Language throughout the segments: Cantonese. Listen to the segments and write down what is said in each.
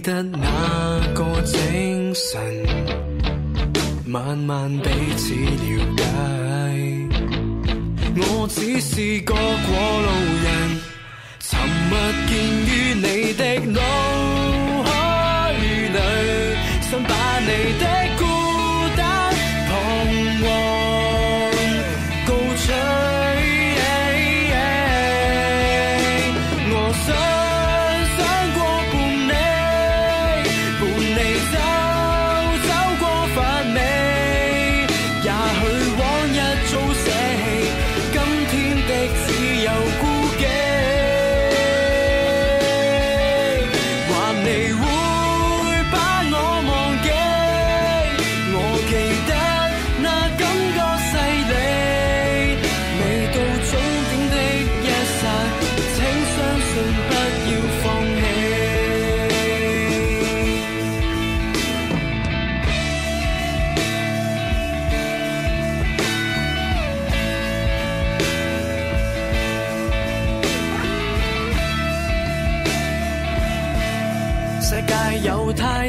得那個精神，慢慢彼此了解。我只是個過路人，沉默見於你的腦海裏，想把你的。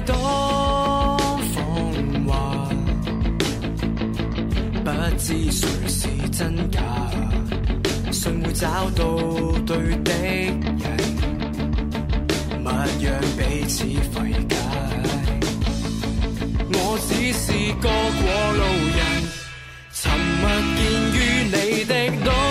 多謊話，不知誰是真假，誰會找到對的人，勿讓彼此費解。我只是個過路人，沉默見於你的。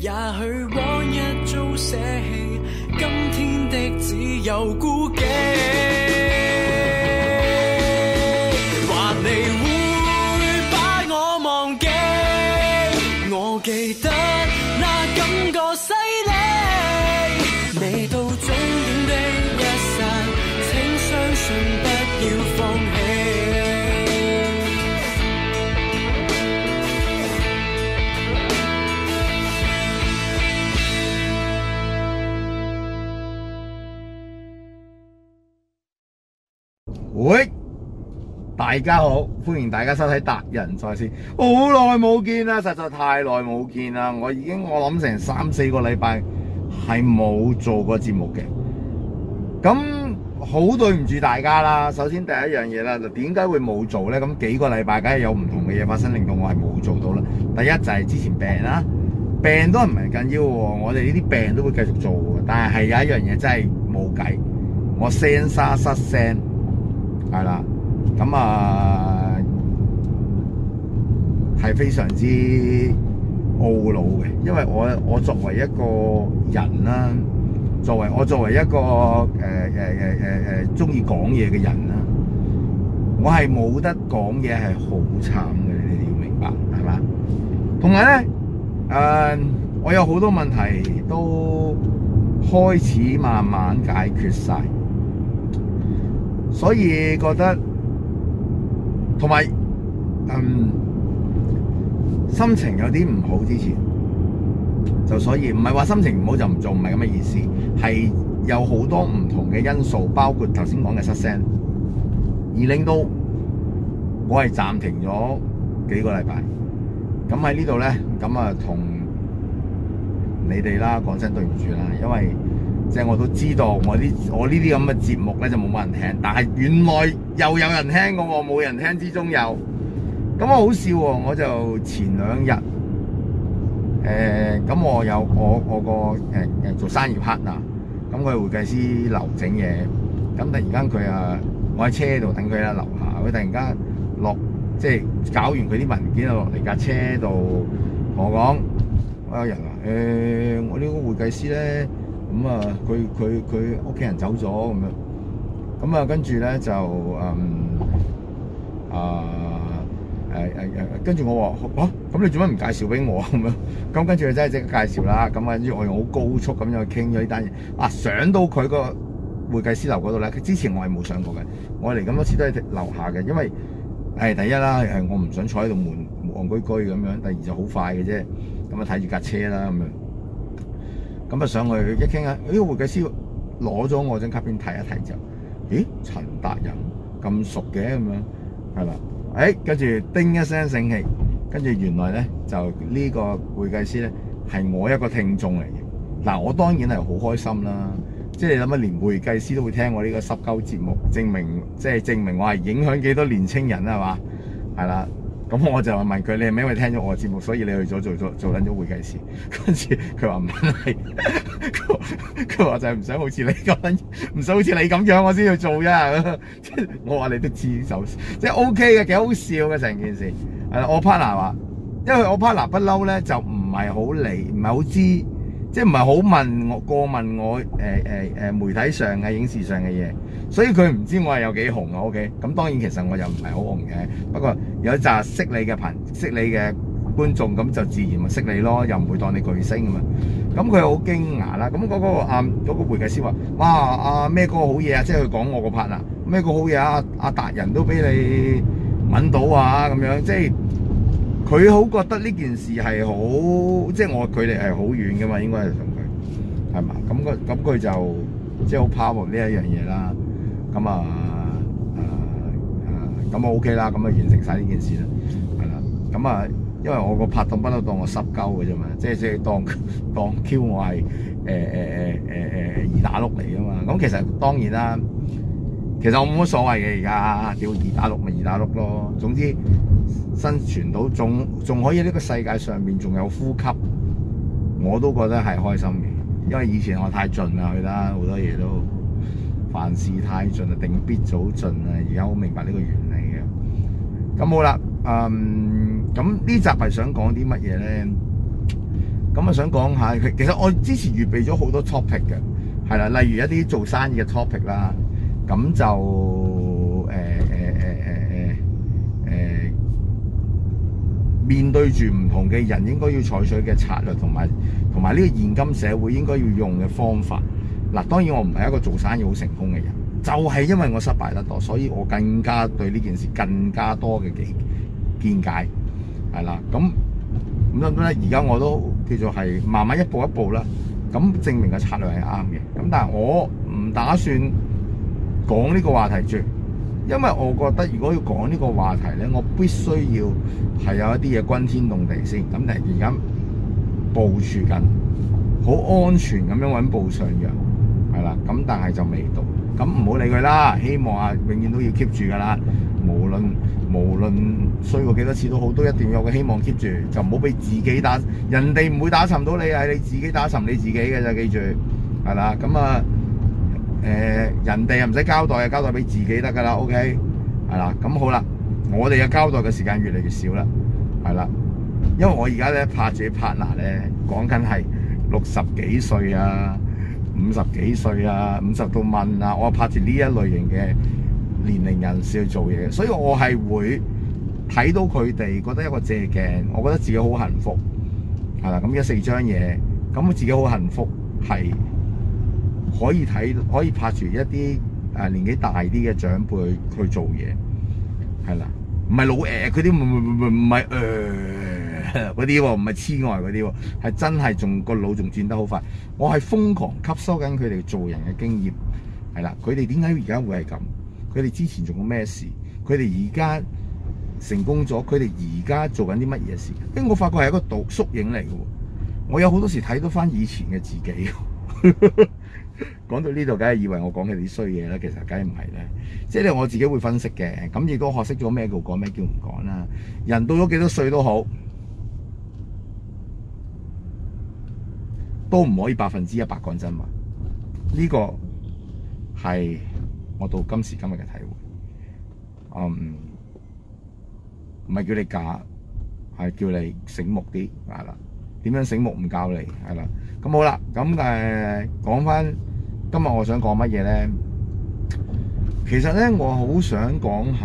也許往日早捨棄，今天的只有孤寂。喂，大家好，歡迎大家收睇達仁在線。好耐冇見啦，實在太耐冇見啦。我已經我諗成三四個禮拜係冇做過節目嘅。咁好對唔住大家啦。首先第一樣嘢啦，就點解會冇做呢？咁幾個禮拜梗係有唔同嘅嘢發生，令到我係冇做到啦。第一就係之前病啦，啊，病都唔係緊要，我哋呢啲病都會繼續做嘅。但係係有一樣嘢真係冇計，我聲沙失聲。係啦，咁啊，係非常之懊惱嘅，因為我我作為一個人啦，作為我作為一個誒誒誒誒誒中意講嘢嘅人啦，我係冇得講嘢係好慘嘅，你哋要明白係嘛？同埋咧，誒、呃，我有好多問題都開始慢慢解決晒。所以覺得同埋、嗯、心情有啲唔好之前，就所以唔係話心情唔好就唔做，唔係咁嘅意思，係有好多唔同嘅因素，包括頭先講嘅失聲，而令到我係暫停咗幾個禮拜。咁喺呢度呢，咁啊同你哋啦講聲對唔住啦，因為。即係我都知道，我啲我呢啲咁嘅節目咧就冇乜人聽，但係原來又有人聽過喎，冇人聽之中有，咁我好笑喎，我就前兩日，誒咁我有我我個誒誒做生意 partner 嗱，咁佢係會計師樓整嘢，咁突然間佢啊，我喺車度等佢啦，樓下佢突然間落即係搞完佢啲文件落嚟架車度同我講，我有人啊，誒我呢個會計師咧。咁、嗯、啊，佢佢佢屋企人走咗咁樣，咁啊跟住咧就誒啊誒誒，跟住我話嚇，咁你做乜唔介紹俾我咁樣，咁跟住佢真係即刻介紹啦。咁啊，於是我用好高速咁樣傾咗呢單嘢。啊，上到佢個會計師樓嗰度咧，之前我係冇上過嘅，我嚟咁多次都係樓下嘅，因為誒第一啦，係我唔想坐喺度悶悶居居咁樣，第二就好快嘅啫，咁啊睇住架車啦咁樣。咁啊上去一傾呢，誒個會計師攞咗我張卡片睇一睇就咦，陳達仁咁熟嘅咁樣，係啦，誒跟住叮一聲醒起，跟住原來咧就呢個會計師咧係我一個聽眾嚟嘅。嗱，我當然係好開心啦，即係你諗下，連會計師都會聽我呢個濕鳩節目，證明即係、就是、證明我係影響幾多年青人啦，係嘛，係啦。咁我就話問佢：你係咪因為聽咗我嘅節目，所以你去咗做做做緊咗會計師？佢話唔係，佢 話就係唔使好似你咁，唔使好似你咁樣，想你樣我先要做啫。 我話你都知手，即係 OK 嘅，幾好笑嘅成件事。係啦，我 partner 話，因為我 partner 不嬲咧，就唔係好嚟，唔係好知。即係唔係好問我過問我誒誒誒媒體上嘅影視上嘅嘢，所以佢唔知我係有幾紅啊。O K，咁當然其實我又唔係好紅嘅，不過有一扎識你嘅朋識你嘅觀眾咁就自然咪識你咯，又唔會當你巨星咁啊。咁佢好驚訝啦。咁嗰個啊嗰個會計師話：哇！阿咩個好嘢啊，即係佢講我個拍啦，咩個好嘢啊？阿達人都俾你揾到啊咁樣，即係。佢好覺得呢件事係好，即係我距離係好遠嘅嘛，應該係同佢係嘛？咁個咁佢就即係好 power 呢一樣嘢啦。咁啊啊啊，咁、啊、我、啊、OK 啦，咁啊完成晒呢件事啦，係啦。咁啊，因為我個拍檔不嬲當我濕鳩嘅啫嘛，即係當當 Q 我係誒誒誒誒誒二打六嚟啊嘛。咁其實當然啦，其實我冇乜所謂嘅而家，屌二打六咪二打六咯。總之。生存到仲仲可以呢個世界上面仲有呼吸，我都覺得係開心嘅。因為以前我太盡啦，去啦好多嘢，都凡事太盡啊，定必早盡啊。而家好明白呢個原理嘅。咁好啦，嗯，咁呢集係想講啲乜嘢咧？咁啊想講下，其實我之前預備咗好多 topic 嘅，係啦，例如一啲做生意嘅 topic 啦，咁就。面對住唔同嘅人，應該要採取嘅策略，同埋同埋呢個現今社會應該要用嘅方法。嗱，當然我唔係一個做生意好成功嘅人，就係因為我失敗得多，所以我更加對呢件事更加多嘅見見解，係啦。咁咁多咧，而家我都叫做係慢慢一步一步啦。咁證明嘅策略係啱嘅。咁但係我唔打算講呢個話題住。因為我覺得如果要講呢個話題呢，我必須要係有一啲嘢轟天動地先。咁但係而家部署緊，好安全咁樣穩步上揚，係啦。咁但係就未到，咁唔好理佢啦。希望啊，永遠都要 keep 住噶啦。無論無論衰過幾多次都好，都一定要有個希望 keep 住，就唔好俾自己打。人哋唔會打沉到你，係你自己打沉你自己嘅，就記住係啦，咁、嗯、啊。誒人哋又唔使交代，啊，交代俾自己得噶啦，OK，係啦，咁好啦，我哋嘅交代嘅時間越嚟越少啦，係啦，因為我而家咧拍住 partner 咧講緊係六十幾歲啊、五十幾歲啊、五十度萬啊，我拍住呢一類型嘅年齡人士去做嘢，所以我係會睇到佢哋覺得一個借鏡，我覺得自己好幸福，係啦，咁呢四張嘢，咁我自己好幸福，係。可以睇，可以拍住一啲誒年紀大啲嘅長輩去，去做嘢，係啦，唔係老誒，佢啲唔唔唔係嗰啲喎，唔係痴呆嗰啲喎，係、呃哦哦、真係仲個腦仲轉得好快。我係瘋狂吸收緊佢哋做人嘅經驗，係啦，佢哋點解而家會係咁？佢哋之前做過咩事？佢哋而家成功咗，佢哋而家做緊啲乜嘢事？誒，我發覺係一個倒縮影嚟嘅喎，我有好多時睇到翻以前嘅自己。 講到呢度，梗係以為我講嘅啲衰嘢啦，其實梗係唔係咧，即係我自己會分析嘅，咁亦都學識咗咩叫講，咩叫唔講啦。人到咗幾多歲都好，都唔可以百分之一百講真話，呢個係我到今時今日嘅體會。嗯，唔係叫你假，係叫你醒目啲係啦。點樣醒目唔教你係啦。咁好啦，咁誒講翻。今日我想講乜嘢呢？其實呢，我好想講下，誒、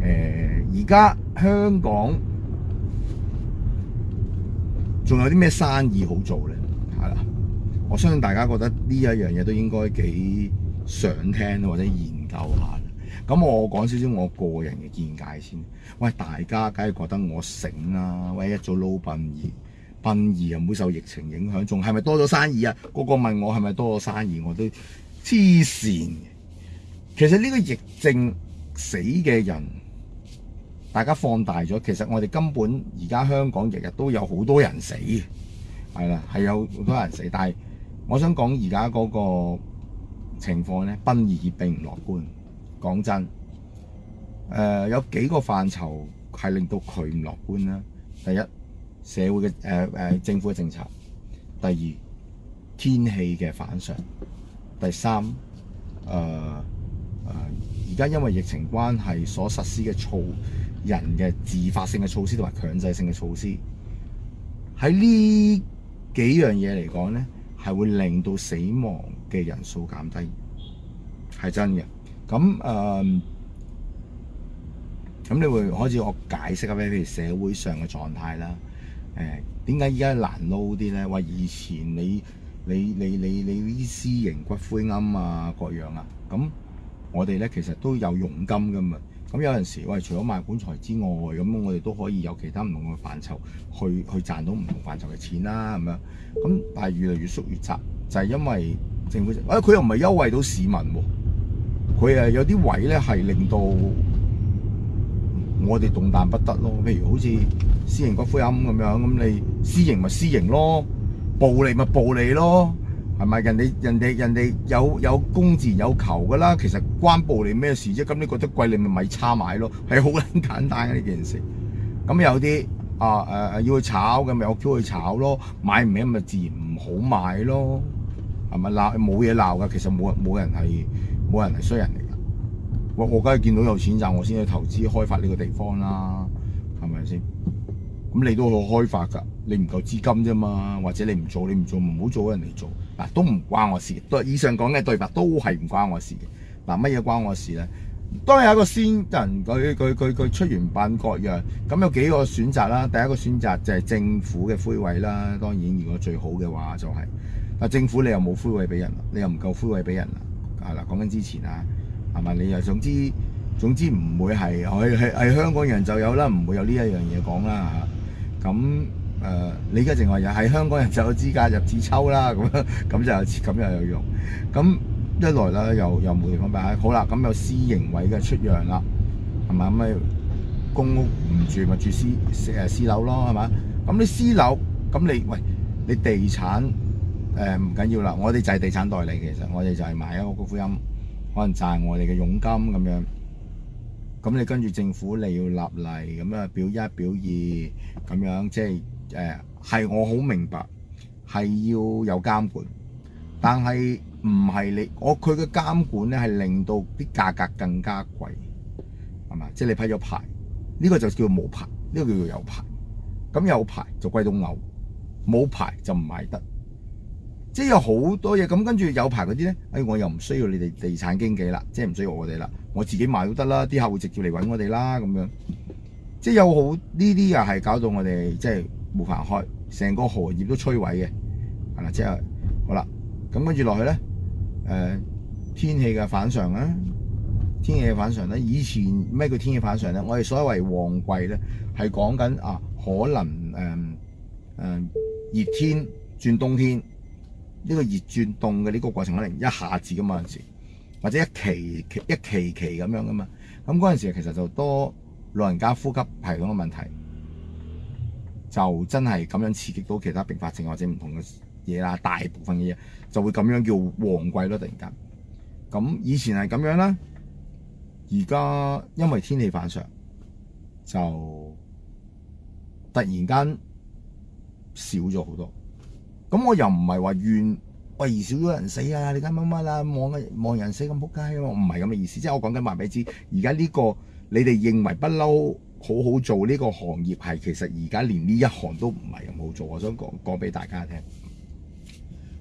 呃，而家香港仲有啲咩生意好做呢？係啦，我相信大家覺得呢一樣嘢都應該幾想聽或者研究下。咁我講少少我個人嘅見解先。喂，大家梗係覺得我醒啦，喂，一早撈殯儀。殯儀又唔會受疫情影響，仲係咪多咗生意啊？個個問我係咪多咗生意，我都黐線。其實呢個疫症死嘅人，大家放大咗，其實我哋根本而家香港日日都有好多人死，係啦，係有好多人死。但係我想講而家嗰個情況呢，殯儀業並唔樂觀。講真，誒，有幾個範疇係令到佢唔樂觀啦。第一。社會嘅誒誒政府嘅政策，第二，天氣嘅反常，第三，誒誒而家因為疫情關係所實施嘅措施，人嘅自發性嘅措施同埋強制性嘅措施，喺呢幾樣嘢嚟講咧，係會令到死亡嘅人數減低，係真嘅。咁誒咁，呃、你會開始我解釋下咧，譬如社會上嘅狀態啦。誒點解依家難撈啲咧？喂，以前你你你你你啲私營骨灰庵啊，各樣啊，咁我哋咧其實都有佣金㗎嘛。咁有陣時，喂，除咗賣棺材之外，咁我哋都可以有其他唔同嘅範疇去去，去賺到唔同範疇嘅錢啦、啊，咁樣。咁但係越嚟越縮越窄，就係、是、因為政府，啊、欸、佢又唔係優惠到市民喎、啊，佢誒有啲位咧係令到。我哋動彈不得咯，譬如好似私營骨灰龕咁樣，咁你私營咪私營咯，暴利咪暴利咯，係咪人哋人哋人哋有有供字有求噶啦？其實關暴利咩事啫？咁你覺得貴，你咪咪差買咯，係好簡單嘅呢件事。咁有啲啊誒、呃、要去炒嘅，咪我叫佢炒咯，買唔起咪自然唔好買咯，係咪鬧冇嘢鬧噶？其實冇人冇人係冇人係衰人嚟。我梗係見到有錢賺，我先去投資開發呢個地方啦，係咪先？咁你都好開發噶，你唔夠資金啫嘛，或者你唔做，你唔做唔好做，做人哋做嗱都唔關我事。對以上講嘅對白都係唔關我事嘅。嗱，乜嘢關我事咧？當有一個先人，佢佢佢佢出完辦各樣，咁有幾個選擇啦。第一個選擇就係政府嘅灰位啦。當然，如果最好嘅話就係、是、嗱，政府你又冇灰位俾人，你又唔夠灰位俾人啦。係啦，講緊之前啊。係咪？你又總之總之唔會係係係係香港人就有啦，唔會有呢一樣嘢講啦嚇。咁誒，你而家淨係又係香港人就有資格入紙抽啦，咁樣咁就有咁又有用。咁一來啦，又又冇地方擺。好啦，咁有私營位嘅出讓啦，係咪？咁咪公屋唔住咪住私誒私樓咯，係咪啊？咁啲私樓咁你喂，你地產誒，唔緊要啦，我哋就係地產代理，其實我哋就係賣一個福音。可能賺我哋嘅佣金咁樣，咁你跟住政府你要立例咁樣表一表二咁樣，即係誒係我好明白係要有監管，但係唔係你我佢嘅監管咧係令到啲價格更加貴，係嘛？即係你批咗牌，呢個就叫冇牌，呢個叫做有牌。咁有牌就貴到牛，冇牌就唔買得。即係有好多嘢咁，跟住有排嗰啲咧，哎，我又唔需要你哋地產經紀啦，即係唔需要我哋啦，我自己賣都得啦，啲客戶直接嚟揾我哋啦咁樣。即係有好呢啲又係搞到我哋即係冇飯開，成個荷葉都摧毀嘅，係啦，即係好啦，咁跟住落去咧，誒天氣嘅反常啊，天氣嘅反常咧，以前咩叫天氣反常咧？我哋所謂旺季咧，係講緊啊，可能誒誒熱天轉冬天。呢個熱轉凍嘅呢個過程，可能一下子㗎嘛，有時，或者一期一期期咁樣㗎嘛，咁嗰陣時其實就多老人家呼吸系統嘅問題，就真係咁樣刺激到其他併發症或者唔同嘅嘢啦，大部分嘅嘢就會咁樣叫旺季咯，突然間。咁以前係咁樣啦，而家因為天氣反常，就突然間少咗好多。咁我又唔係話怨喂而少咗人死啊！你家乜乜啦，望啊望人死咁仆街啊！我唔係咁嘅意思，即係我講緊話俾你知，而家呢個你哋認為不嬲好好做呢個行業係，其實而家連呢一行都唔係咁好做。我想講講俾大家聽。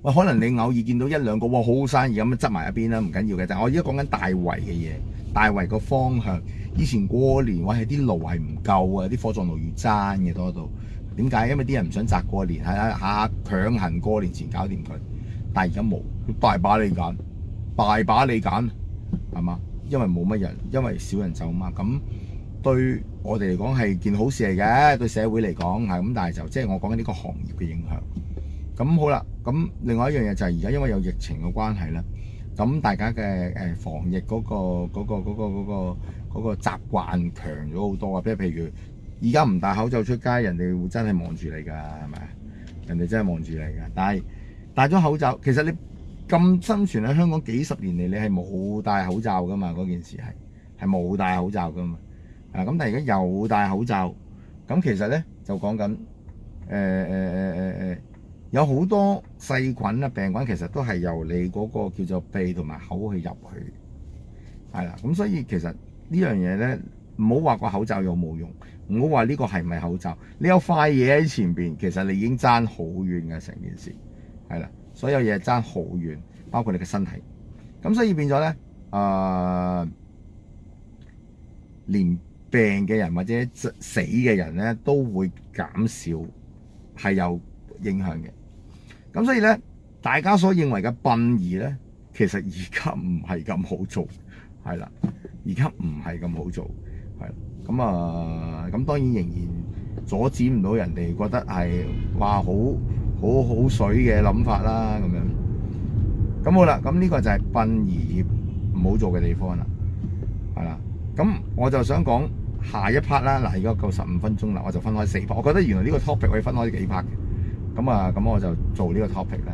喂，可能你偶爾見到一兩個哇好好生意咁樣執埋一邊啦，唔緊要嘅。但係我而家講緊大圍嘅嘢，大圍個方向，以前過年哇係啲路係唔夠嘅，啲火葬爐要爭嘅多度。點解？因為啲人唔想擲過年，係啊，下、啊、下強行過年前搞掂佢。但係而家冇，大把你揀，大把你揀，係嘛？因為冇乜人，因為少人走嘛。咁對我哋嚟講係件好事嚟嘅，對社會嚟講係咁、啊。但係就即係、就係、我講緊呢個行業嘅影響。咁好啦，咁另外一樣嘢就係而家因為有疫情嘅關係咧，咁大家嘅誒防疫嗰、嗰個嗰、嗰個嗰、嗰個嗰、嗰個嗰個嗰個嗰個習慣強咗好多啊！即係譬如。而家唔戴口罩出街，人哋會真係望住你㗎，係咪啊？人哋真係望住你㗎。但係戴咗口罩，其實你咁生存喺香港幾十年嚟，你係冇戴口罩㗎嘛？嗰件事係係冇戴口罩㗎嘛？啊咁，但係而家又戴口罩，咁其實咧就講緊誒誒誒誒誒，有好多細菌啊、病菌，其實都係由你嗰個叫做鼻同埋口去入去係啦。咁所以其實呢樣嘢咧，唔好話個口罩有冇用。唔好話呢個係咪口罩？你有塊嘢喺前邊，其實你已經爭好遠嘅成件事，係啦。所有嘢爭好遠，包括你嘅身體。咁、嗯、所以變咗咧，誒、呃，連病嘅人或者死嘅人咧都會減少，係有影響嘅。咁、嗯、所以咧，大家所認為嘅殯儀咧，其實而家唔係咁好做，係啦，而家唔係咁好做。咁啊，咁、嗯、當然仍然阻止唔到人哋覺得係話好好好水嘅諗法啦。咁樣咁好啦，咁呢個就係殯儀業唔好做嘅地方啦，係啦。咁我就想講下一 part 啦。嗱，而家夠十五分鐘啦，我就分開四 part。我覺得原來呢個 topic 可以分開幾 part 嘅。咁啊，咁我就做呢個 topic 啦。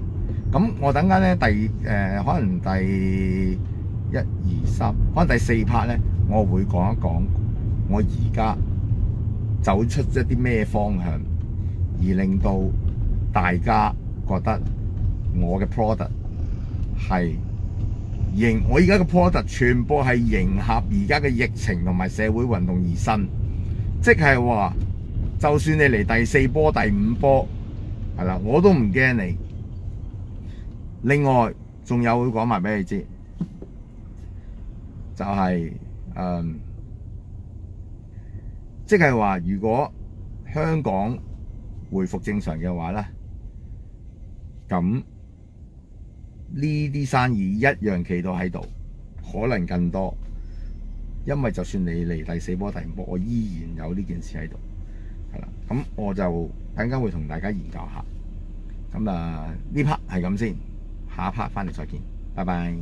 咁我等間咧，第誒可能第一二三，可能第四 part 咧，我會講一講。我而家走出一啲咩方向，而令到大家覺得我嘅 product 係迎，我而家嘅 product 全部係迎合而家嘅疫情同埋社會運動而生，即係話，就算你嚟第四波、第五波，係啦，我都唔驚你。另外，仲有會講埋俾你知，就係、是、誒。嗯即係話，如果香港回復正常嘅話呢，咁呢啲生意一樣企到喺度，可能更多。因為就算你嚟第四波、第五波，我依然有呢件事喺度。係啦，咁我就等陣會同大家研究下。咁啊，呢 part 係咁先，下一 part 翻嚟再見，拜拜。